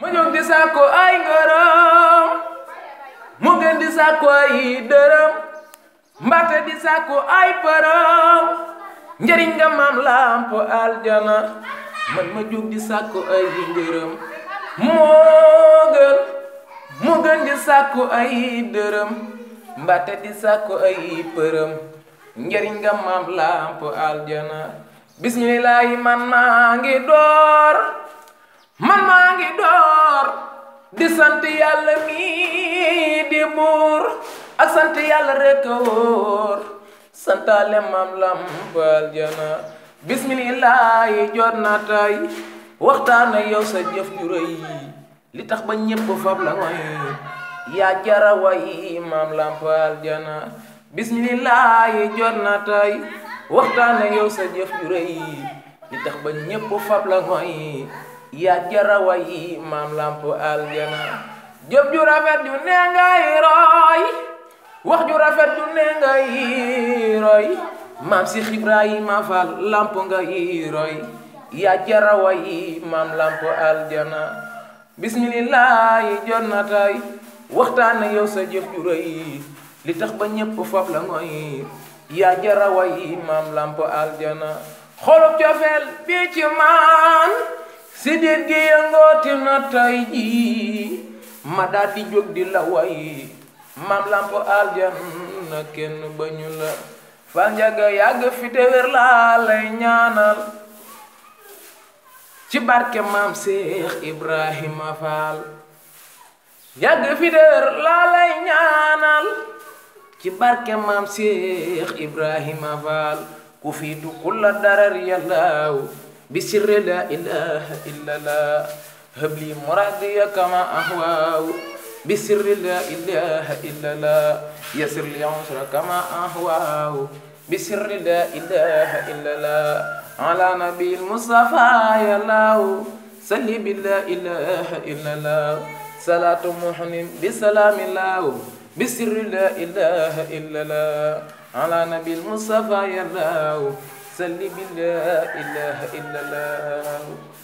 mu di saku ay ngërëm mu di saku ay dërëm mbate di saku ay përëm njëriñ nga maam aljana man di saku ay ngërëm moo gën di saku ay dërëm mbate di saku ay përëm njëriñ nga maam aljana Bismillahirrahmanirrahim. man maa ngi man di sant yàlla mi di buur ak sant yàlla rek a wóor santaale maam lambal jana bismillaahi jot na tay waxtaan ak yow sa jëf ju rëy li tax ba ñépp fab la way yaa jara maam lambal jana bismillaahi jot na tay waxtaan ak yow sa jëf ju rëy li tax ba ñépp fab la way yaa jara wayi maam lamp aljana jëf ju rafet ju ne ngay roy wax ju rafet ju ne ngay roy maam si Ibrahima Fall lamp ngay roy yaa jara wayi maam lamp aljana bismillahi jot na waxtaan yow sa jëf ju rëy li tax ba ñépp fab la ngoy yaa jara maam lamp aljana xolub cofeel bi ci maan sidir gi yëngooti na tey mada di jog di laway mam lampo lamp aljanna kenn bañu la fanja ga yag fi de wer la lay ñaanal ci barke mam Seex ibrahim afal yag fi de wer la lay ñaanal ci barke mam ibrahim afal ku fi kul darar بسر لا إله إلا لا هب لي مرادي كما أهواه بسر لا إله إلا لا يسر لي عسر كما أهواه بسر لا إله إلا لا على نبي المصطفى يا الله صلي بلا إله إلا لا صلاة محن بسلام الله بسر لا إله إلا لا على نبي المصطفى يا الله سلم لا إله إلا الله